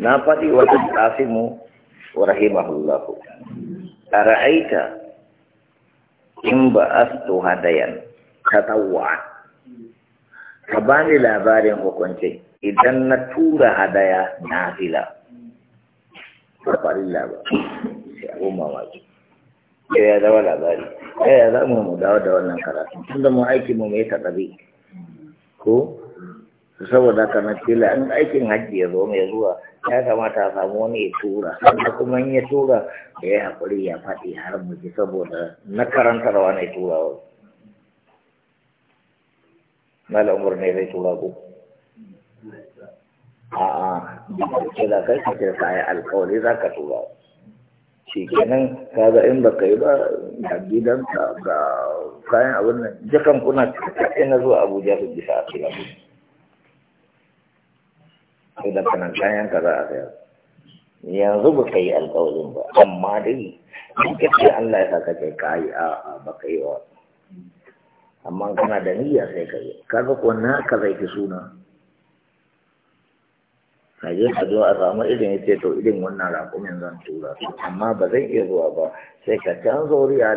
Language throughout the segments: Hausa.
na faɗi wa tasimu wa rahimahullahu ara'aita in ba astu hadayan tatawwa ka bani labarin hukunci idan na tura hadaya na fila ba farin labari sai abu mamaki sai ya zama labari sai ya zama mu dawo da wannan karatu tunda mu aiki mu mai taɗabi ko saboda haka na cewa in aikin hajji ya zo mai zuwa ya kamata a samu wani ya tura sannan kuma in ya tura ya yi haƙuri ya faɗi har muji saboda na karanta rawa na tura wa mala umar ne zai tura ku a'a ce da kai ka ce ka alƙawari za ka tura shi kenan ka ga in ba ka yi ba ga gidanka ga kayan abin nan jakan kuna cikin na zuwa abuja su bisa a tura sai da kanan kayan ka za a sayar yanzu ba kai alƙawarin ba amma dai in ka ce Allah ya saka kai ka a ba yi amma kana da niyya sai ka yi kaga ko na ka zai ki suna Kaje ka zo a samu irin ya ce to irin wannan raƙumin zan tura su amma ba zan iya zuwa ba sai ka canzo riya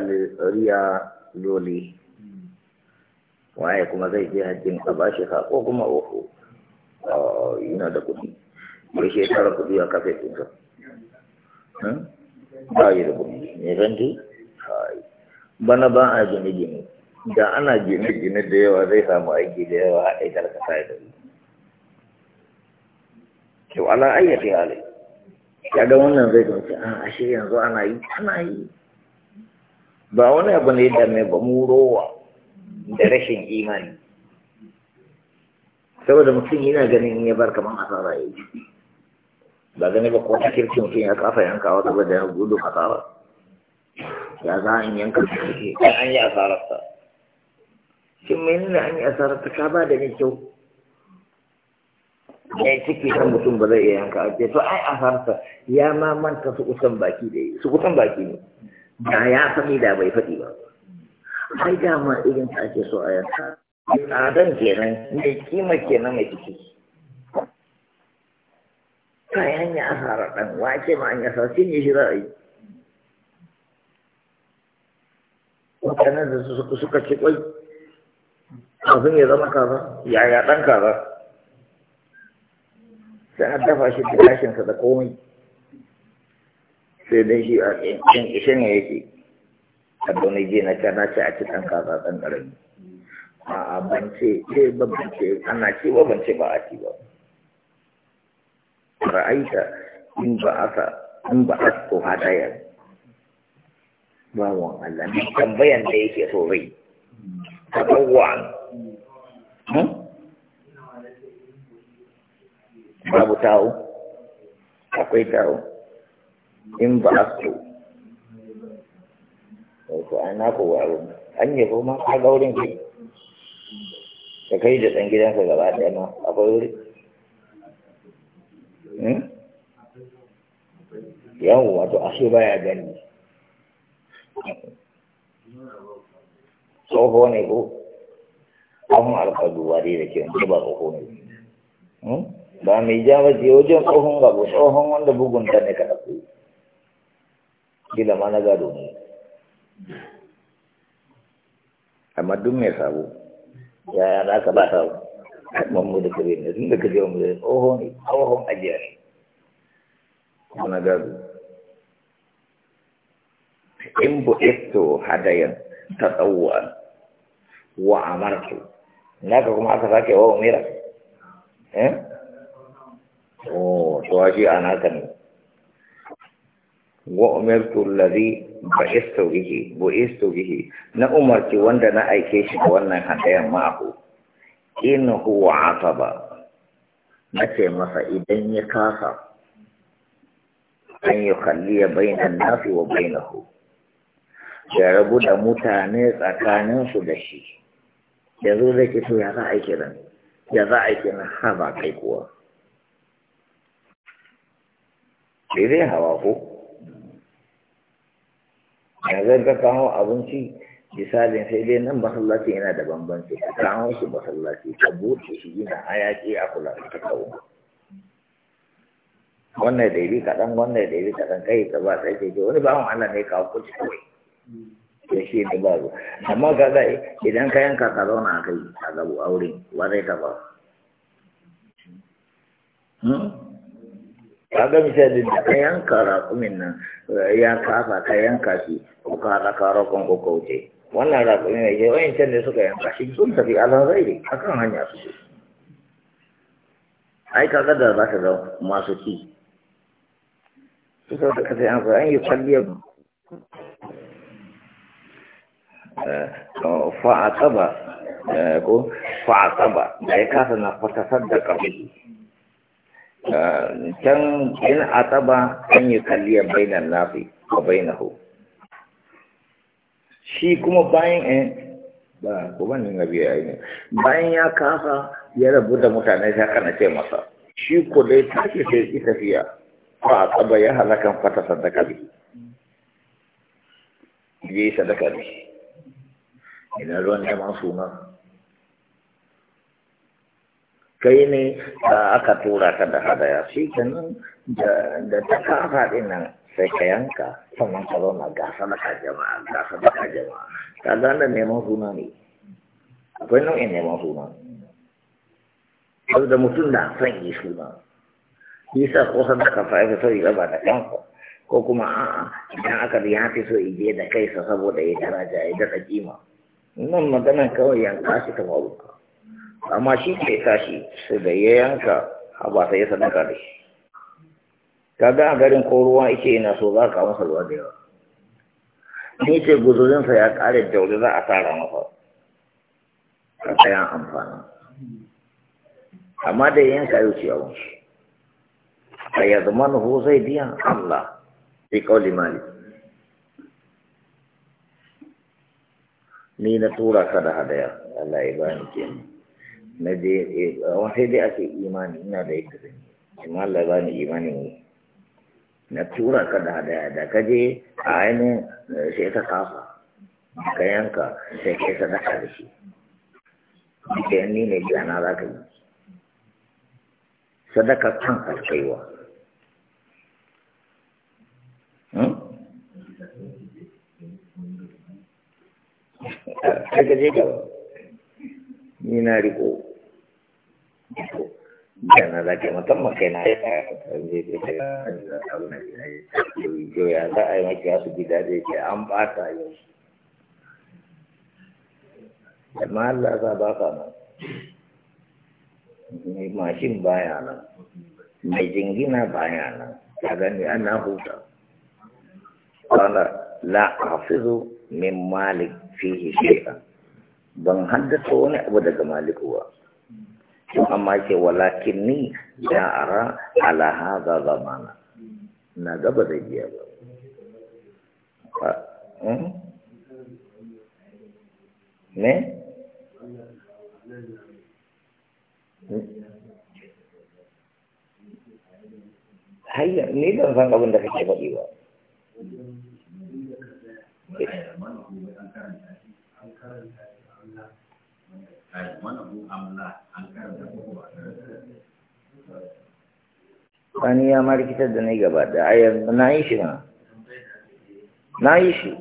loli waye kuma zai je hajjin a bashi ka ko kuma uku Ah, ina da kuɗi ya shekara kuɗi a kafe ɗinka hmm? ba yi da kuɗi ne ranti bana ba a gine-gine da ana gine-gine da yawa zai samu aiki da yawa a aikar kasa ya dari kyau ala ayyati halin ga wannan zai gamsu a ah, ashe yanzu ana yi ana yi ba wani abu ne da mai ba mu rowa da rashin imani saboda mutum yana ganin ya bar kaman asara ya yi ba gane ba ko kirki mutum ya kafa yanka wata saboda ya gudun asara ya za a yanka kirki an yi asararsa shin nuna an yi asararsa ka ba da ni kyau ya ciki kan mutum ba zai iya yanka a ce to ai a ya ma manta su kusan baki da su kusan baki ne da ya faɗi da bai faɗi ba ai dama irin ta ake so a yanka mai tsadan kenan mai kima kenan mai ciki kayan ya asara ɗan wace ma an yasa shi ne shi za a yi mutanen da suka ci kwai kafin ya zama kaza yaya ɗan kaza sai an dafa shi da tashinsa da komai sai dai shi a ƙin ƙishin ne yake a doni ji na kana ce a ci ɗan kaza ɗan ƙarami a'a ban ce ce eh, ba ban ce ana ce ba ba a ci ba ra'aita in ba aka in ba a ko hadaya bawan Allah ne tambayan da yake so rai tabawwan hmm? babu tawo akwai tawo in ba a so ko ana ko wa an yi ko ma ka gaurin kai Ka kai da ɗan gidanka gaba ɗaya ma akwai wuri hmm? yawon wato ashe baya gani tsoho ne ko ahun alkaduwa dai da ke wani ba tsoho ne hmm? ba mai ja ba ce wajen tsohon gabo tsohon wanda bugunta ne ka ɗauko gila ma na gado ne amma duk mai sabo yaya za ka ba ta mammu da kare ne tun da kaje wa mulai tsoho ne tsohon ajiya ne wani gado in bu isto hadayan ta tsawuwa wa amartu naka kuma aka sake wa umira eh oh to shi ana kan wa umirtu alladhi Ba bihi bu'istu na umarci wanda na aike shi da wannan hadayan ma'ahu in huwa ataba nace masa idan ya kasa an yi kalliya bainan nafi wa bainahu ya rabu da mutane tsakaninsu da shi yanzu zai ki so ya za a kiran ya za a yi ha kai kuwa bai zai hawa ko idan ka kawo abinci misalin sai dai nan masallaci yana da bambanci ka kawo shi masallaci ka buɗe shi yana hayaƙi a kula da kawo wannan daidai kaɗan wannan daidai kaɗan kai ka ba sai ce wani bawan Allah ne kawo kuci kawai to shi ne ba zo amma ga idan ka yanka ka zauna a kai a gabu aure wa zai ka ba hmm? ka ga misalin da ka yanka raƙumin nan ya kafa ka yanka shi ko ka raka rakon ko kauce wannan raƙumi ne ke in ne suka yanka shi sun tafi alan zai a kan hanya su ai ka ga da za ka ga masu ci su da ka sai an an yi kwalliyar eh, oh, fa'a tsaba eh, ko fa'a tsaba da ya kasa na fatasar da ƙarfi can in ataba an yi kalliya bainan nafi wa bainahu shi kuma bayan in, eh, ba ko ni na biya ne bayan ya kasa ya rabu da mutane ta kana ce masa shi ko dai ke sai ki tafiya A ataba ya halakan fata sadaka bi yi sadaka bi ina ruwan neman suna kai ne aka tura ka da hadaya shi kenan da ta kafa din sai ka yanka sannan ka zauna da ka jama'a da ka jama'a ka gane neman suna ne akwai nau'in neman suna saboda mutum na son yi suna yasa ko sadaka fa ya so ya ba da kanka ko kuma a'a idan aka biya fi so ije da kaisa saboda ya daraja ya daɗa kima nan maganan kawai yanka shi kamar ruka amma shi ke tashi su da ya yanka a ba sai ya sadaka da shi kaga a garin ko ruwan ike yana so za ka masa ruwa da yawa ni ce guzurinsa ya kare da wuri za a tara masa ka tsaya amfana amma da yanka yau ce yawon shi a yanzu zama zai biya Allah sai kauli mali ni na tura ka da hadaya Allah ya bani kenan na je wasai eh, dai ake imani ina da yadda zan yi amma Allah ba ni imani ne na tura ka da hadaya da ka je a ainihin eh, sai ka kafa ka yanka sai ka yi sadaka da shi duka yan ne biya na za ka yi sadaka kan alkaiwa hmm? sai je gaba ni na riko yana da ke musamman kai na yi yau ya za a yi maki su gida da ke an bata yau da Allah za ba ka nan mai mashin baya nan mai jingina baya nan ka gani ana huta قال لا أحفظ من مالك فيه ban haddasa wani abu daga maliku ba amma ke walakin ni ya ara ala zamana na gaba da biya ba ne hmm? hayya ni ban san abin da kake faɗi ba kai wannan mu'amala an karanta ko ba wani ya ma rikitar da ni gaba da a na yi shi na na yi shi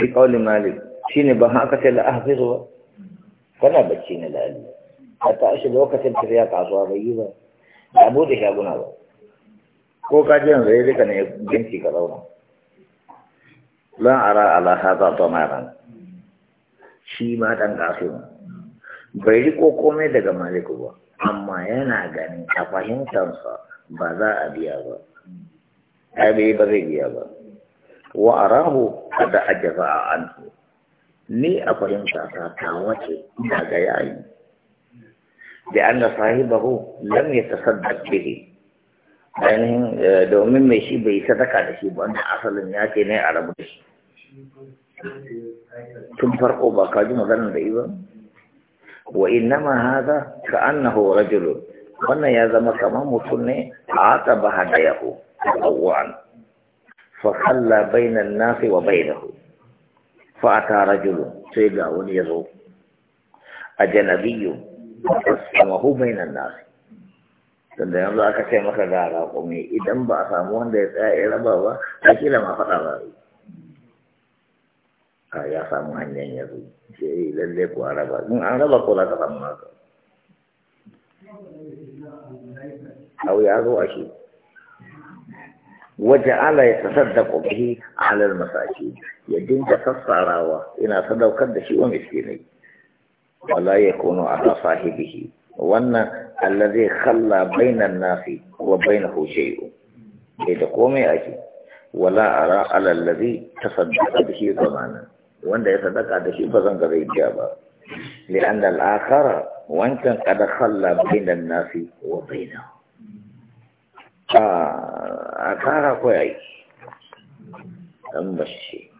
bi kauli malik shi ne ba haka sai la'afizu ba kana bacci na lali a tashi lokacin tafiya kasuwa bai yi ba da abu da shaguna ba ko ka ji yanzu ya rika ne ginci ka zauna lan ara ala hada damaran shi ma dan kafin bai riko komai daga maliku ba amma yana ganin a fahimtansa ba za a biya ba ɗabe ba zai biya ba wa arahu kada a anhu ni a fahimta ta ta wace ina ga yayi da an da sahibahu lam ya bihi ainihin eh, domin mai shi bai sadaka da shi ba wanda asalin ya ce ne a rabu da shi tun farko ba ka ji maganar da iba wa innama hadha ka annahu jiro wannan ya zama kamar mutum ne a haka ba hadayahu awwan fa khalla bayna an-nas wa baynahu fa tara rajul sai ga wani yazo ajnabiyyu samahu bayna an-nas tunda yanzu aka ce maka ga raƙumi idan ba a samu wanda ya tsaya ya raba ba a kila ma faɗa ba a ya samu hanyar ya zo ce yi lalle ku an raba in an raba ko za ka samu ya zo a shi waje ala ya tasaddaqu bihi ala al-masakin ya dinka sassarawa ina sadaukar da shi wa miskinai wala yakunu ala sahibihi wannan allazi khalla bainan nasi wa bainahu shay'un bai da komai ake wala ara ala allazi tasaddaqa bihi zamana wanda ya sadaka da shi ba zan ga zai biya ba li'an al'akara wancan kada khalla bainan nasi wa baina ah akara koyai dan bashi